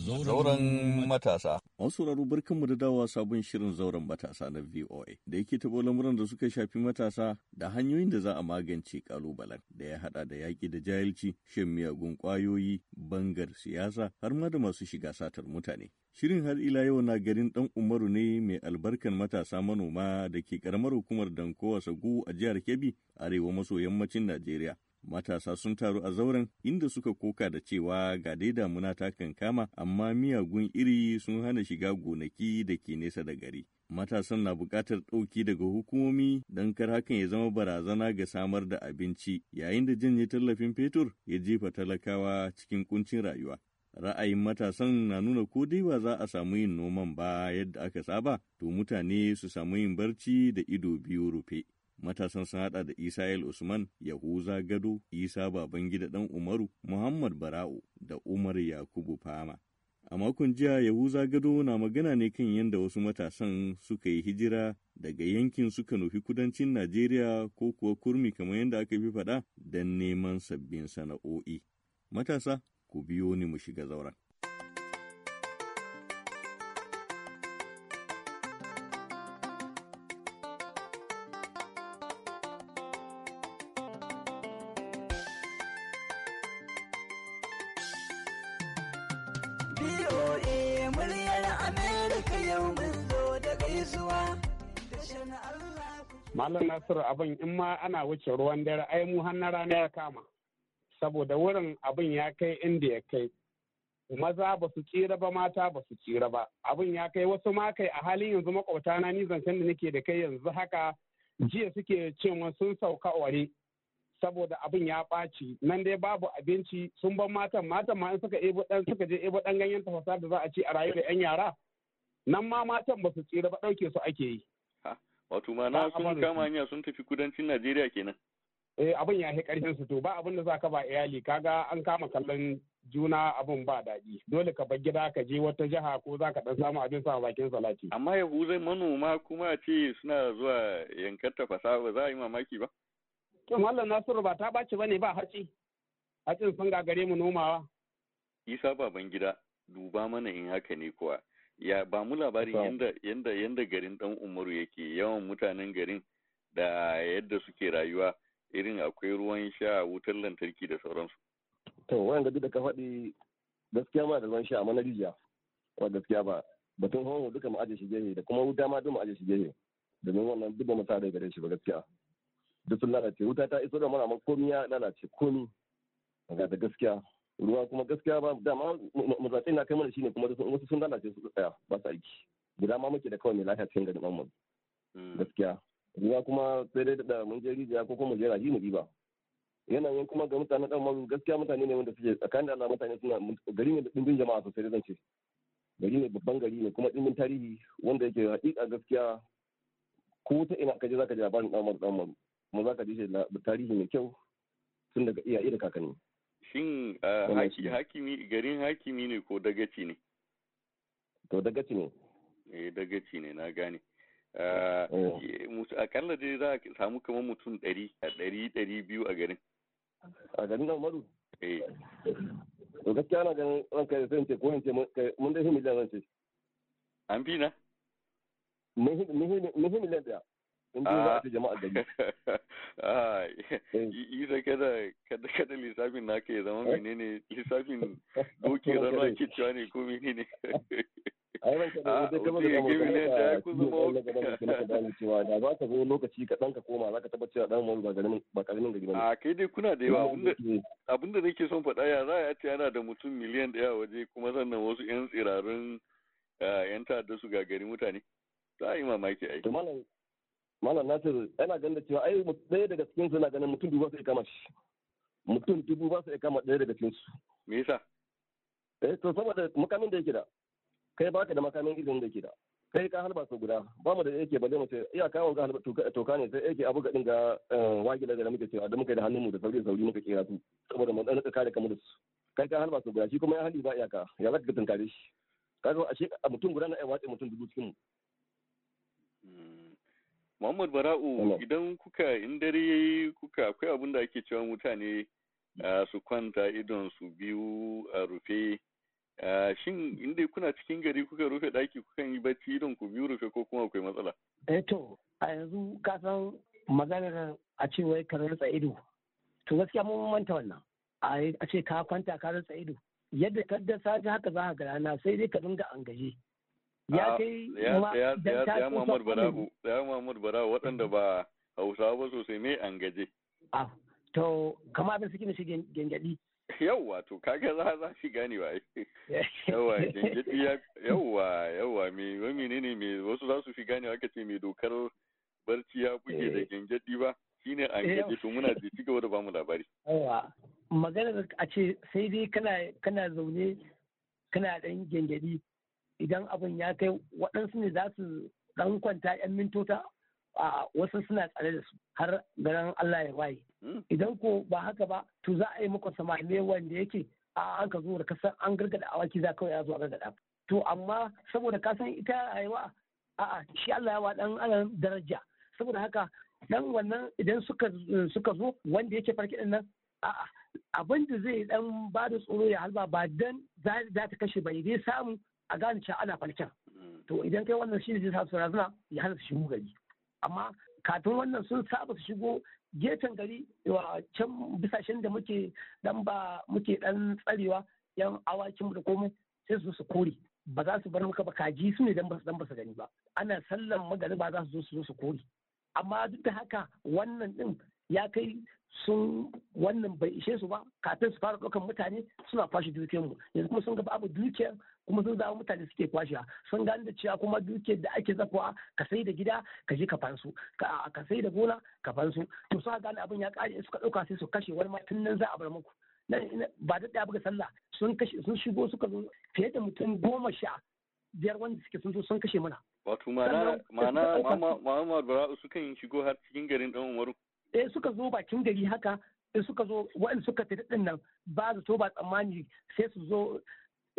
Zauren matasa. An sauraro barkanmu da dawowa sabon shirin zauren matasa na VOA da yake taɓo lamuran da suka shafi matasa da hanyoyin da za a magance kalubalen da ya haɗa da yaƙi da jahilci, shan miyagun ƙwayoyi, bangar siyasa har ma da masu shiga satar mutane. Shirin har ila yau na garin ɗan Umaru ne mai albarkan matasa manoma da ke ƙaramar hukumar Dankowa Sagu a jihar Kebbi, arewa maso yammacin Najeriya. Matasa sun taru a zauren inda suka koka da cewa ga dai damuna ta kankama amma miyagun iri sun hana shiga gonaki da ke nesa da gari. Matasan na buƙatar ɗauki daga hukumomi don kar hakan ya zama barazana ga samar da abinci yayin da janye tallafin fetur ya jefa talakawa cikin kuncin rayuwa. Ra'ayin matasan na nuna ko dai ba za a samu yin noman ba yadda aka saba, to mutane su samu yin barci da ido biyu rufe. Matasan sun hada da Isa'il Usman, Yahuza Gado, Isa Babangida Dan Umaru, Muhammad Bara'u da Umar Yakubu Fama. A makon jiya Yahuza Gado na magana ne kan yadda wasu matasan suka yi hijira daga yankin suka nufi kudancin Najeriya ko kuwa kurmi kamar yadda aka fi faɗa don neman sabbin sana'o'i. Matasa, ku biyo ni mu shiga zauren. BOA muryar Amerika yau mun zo da gaisuwa da shan Allah. Malam Nasiru abin in ma ana wuce ruwan dare ai mu har na rana ya kama. Saboda wurin abin ya kai inda ya kai. Maza ba su tsira ba mata ba su tsira ba. Abin ya kai wasu ma kai a halin yanzu makwabta na ni zancen da nake da kai yanzu haka jiya suke cewa sun sauka ware saboda abin ya ɓaci nan dai babu abinci sun ban matan matan ma in suka ebo dan suka je ebo dan ganyen tafasa da za a ci a rayu da yan yara nan ma matan ba su tsira ba dauke su ake yi. Wato ma na sun kama hanya sun tafi kudancin Najeriya kenan. Eh abin ya fi karfin su to ba abin da za ka ba iyali kaga an kama kallon juna abin ba daɗi dole ka bar gida ka je wata jiha ko za ka ɗan samu abin sa bakin salati. Amma yahu zai manoma kuma ce suna zuwa yankar tafasa ba za a yi mamaki ba. To Mallam Nasiru ba ta ɓaci bane ba haci. Hacin sun gagare mu nomawa. Isa baban gida duba mana in haka ne kuwa. Ya ba mu labarin yanda yanda garin dan Umaru yake yawan mutanen garin da yadda suke rayuwa irin akwai ruwan sha wutar lantarki da sauransu. To wayan gabi da ka faɗi gaskiya ma da ruwan sha amma na rijiya wa gaskiya ba batun hawa duka mu aje shi gehe da kuma wuta ma duk mu aje shi gehe domin wannan duk ba mu sa da gare shi ba gaskiya. duk sun lalace wuta ta iso da mana ma komi ya lalace komi ga da gaskiya ruwa kuma gaskiya ba dama mazatsai na kai mana shine kuma wasu sun lalace su tsaya ba su aiki guda ma muke da kawai mai lafiya cikin garin mu hmm. gaskiya ruwa kuma sai dai da mun je rijiya ko kuma mu je raji mu diba yanayin kuma ga mutanen dan mazu gaskiya mutane ne wanda suke tsakanin da Allah mutane suna gari ne da dimbin jama'a sosai da zan ce gari ne babban gari ne kuma dimbin tarihi wanda yake hakika gaskiya ko ta ina kaje zaka ji labarin dan mazu dan mazu kuma za ka ji tarihi mai kyau tun daga iyaye da kakanni shin uh, hakimi garin hakimi ne ko dagaci ne to dagaci ne eh dagaci ne na gane uh, eh. akalla dai za a samu kamar mutum ɗari a ɗari ɗari biyu a garin a garin na umaru? eh to gaskiya ana ganin da sai ce ko in ce mun dai miliyan zan ce an fi na mun miliyan daya in dai za ta ah. jama'a gari isa eh. kada kada kada lissafin naka ya zama eh? menene lissafin doki rana ke cewa ne ko menene ai ban kada da ah, gama da mutum da ku zama da gaba da gani cewa da ka zo lokaci ka koma dan ba ba karamin gari ah, kai dai kuna da yawa abinda abinda nake son faɗa ya za a ce yana da mutum miliyan daya waje kuma sannan wasu yan tsirarun yan ta'adda su gagari mutane za a yi mamaki aiki. malam nasir yana ganin da cewa ai ɗaya daga cikin su na ganin mutum dubu ba su iya kama shi mutum dubu ba su iya kama ɗaya daga cikin su me yasa eh to saboda makamin da yake da kai baka da makamin irin da yake da kai ka halba su guda ba mu da yake balle mu ce iya ka wanga halba toka ne sai yake abu gadin ga eh, wagi da muke cewa da muke da hannun mu da sauri sauri muka kira su saboda mun dan kare kamar su kai ka halba su guda shi kuma ya hali ba iyaka ya zaka tunkare shi kaga ashe mutum guda na ai watsa mutum dubu cikin mu hmm. Muhammad Bara'u idan kuka in dare yi kuka akwai abin da ake cewa mutane ah, su kwanta idon su biyu a rufe ah, shin inda kuna cikin gari kuka rufe daki kukan yi bacci idon ku biyu rufe ko kuma akwai matsala? Eh to a yanzu ka san maganar a ce wai ka rantsa ido to gaskiya mun manta wannan a ce ka kwanta ka rantsa ido yadda ka da haka za ka ga rana sai dai ka dinga angaje ya ah, kai ya ya ya waɗanda ba Hausawa ba sosai me an gaje ah, to kama abin suke shi gengadi yawwa to kaga za za shi gane wa yawwa gengadi yawwa yawwa me wani ne me wasu za su fi gane aka ce me dokar barci ya buge da eh. gengadi ba shine an gaje to muna ji ci gaba da bamu labari yawwa magana a ce sai dai kana kana zaune kana dan gengadi idan abin ya kai waɗansu ne za su ɗan kwanta 'yan mintota a wasu suna tsare da su har garin Allah ya waye. Hmm. Idan ko ba haka ba to za a yi muku samame wanda yake a an ka zo da kasan an gargada awaki za kawai ya zo a gargada. To amma saboda ka san ita rayuwa a shi Allah ya wa dan adam daraja saboda haka dan wannan idan suka suka zo wanda yake farki ɗin nan a'a abin da zai dan ba da tsoro ya halba ba dan za ta kashe bai dai samu a gane cewa ana falken mm. to idan kai wannan shi ne zai sa su razana ya hana su shigo gari amma kafin wannan sun saba su shigo gefen gari can bisashen da muke dan ba muke dan tsarewa yan awakin da komai sai su su kore ba za su bar muka ba kaji su ne dan ba dan ba su gani ba ana sallan magari ba za su zo su zo su kore amma duk da haka wannan din ya kai sun wannan bai ishe su ba kafin su fara ɗaukan mutane suna fashi dukiyar mu yanzu kuma sun ga babu dukiyar kuma sun zama mutane suke kwashewa sun gane da cewa kuma duke da ake zafawa ka sai da gida ka je ka fansu ka sai da gona ka fansu to suka gane abin ya kare suka dauka sai su kashe wani ma tun nan za a bar muku ba da ɗaya buga sallah sun kashe sun shigo suka zo fiye da mutum goma sha biyar wanda suke sun zo sun kashe mana. Wato ma'ana ma'ana Muhammad Bara'u sukan shigo har cikin garin dan Umaru. Eh suka zo bakin gari haka in suka zo waɗanda suka fi daɗin nan ba zato ba tsammani sai su zo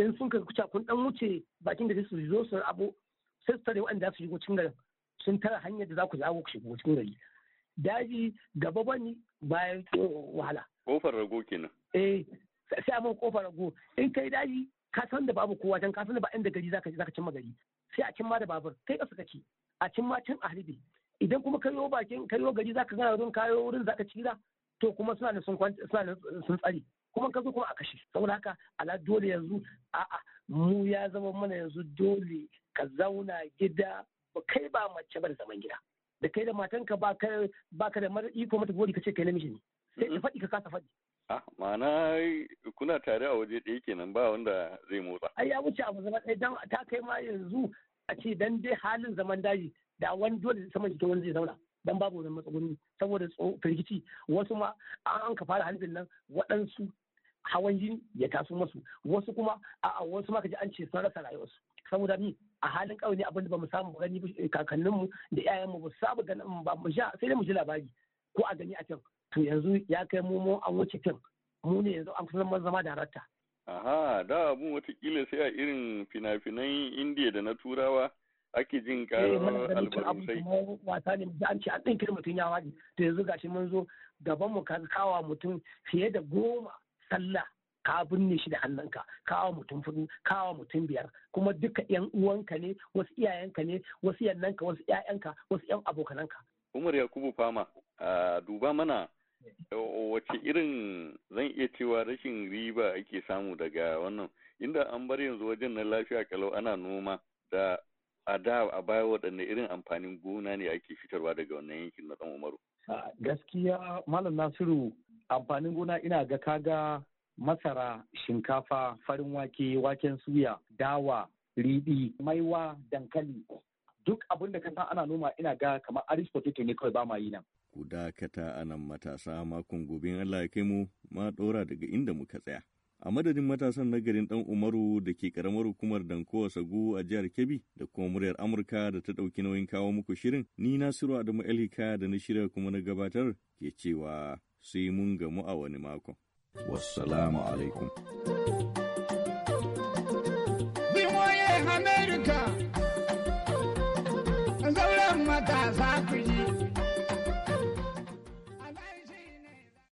in sun kai kuca kun dan wuce bakin da su zo su abu sai su tare wanda su shigo cikin garin sun tara hanyar da za ku zago ku shigo cikin gari daji gaba bani bayan wahala kofar rago kenan eh sai amma kofar rago in kai daji ka san da babu kowa can ka san da ba inda gari zaka zaka cimma gari sai a cimma da babur kai kasa kake a cimma can a idan kuma kayo bakin kayo gari zaka gana wurin kayo wurin zaka cira to kuma suna da sun suna sun tsare kuma ka zo kuma a kashe saboda haka ala dole yanzu a'a mu ya zama mana yanzu dole ka zauna gida kai ba mace ba da zaman gida da kai da matanka ba ka da mara iko mata gori ka ce kai namiji ne sai ka faɗi ka kasa faɗi Ah, ma'ana kuna tare a waje ɗaya kenan ba wanda zai motsa. Ai ya wuce abu zama ɗaya dan ta kai ma yanzu a ce dan dai halin zaman daji da wani dole saman jikin wani zai zauna. Dan babu wani matsuguni saboda firgici wasu ma an ka fara harbin nan waɗansu hawan jini ya taso masu wasu kuma a wasu maka ji an ce sun rasa rayuwarsu saboda ni a halin kawai ne abinda ba mu samu gani eh, kakanninmu da mu ba su samu ganin ba mu sha sai dai mu ji labari ko a gani a can to yanzu ya kai mu mu an wuce can mu ne yanzu an kusan zama rata aha da mu watakila sai a irin fina-finan indiya da na turawa ake jin karar eh, albarusai. wasa ne an ce an ɗin mutum ya waje to yanzu gashi mun zo gaban mu kan kawa mutum fiye da goma sallah ka binne shi da hannunka kawo mutum fudu kawo mutum biyar kuma duka yan uwanka ne wasu iyayenka ne wasu yannanka wasu iyayenka wasu yan abokananka umar yakubu fama duba mana wace irin zan iya cewa rashin riba ake samu daga wannan inda an bar yanzu wajen na lafiya kalau ana noma da a da a baya waɗanne irin amfanin gona ne ake fitarwa daga wannan yankin na umaru gaskiya malam nasiru amfanin gona ina ga kaga masara shinkafa farin wake waken suya dawa riɗi maiwa dankali duk abin da ka san ana noma ina ga kamar arish potato ne kawai ba ma yi nan ku dakata anan matasa makon gobe Allah ya kai mu ma ɗora daga inda muka tsaya a madadin matasan nagarin garin dan umaru da ke karamar hukumar dankowa sagu a jihar kebbi da kuma muryar amurka da ta ɗauki nauyin kawo muku shirin ni nasiru adamu elika da na shirya kuma na gabatar ke cewa sai mun gamu a wani makon wassalamu alaikum America, matasa.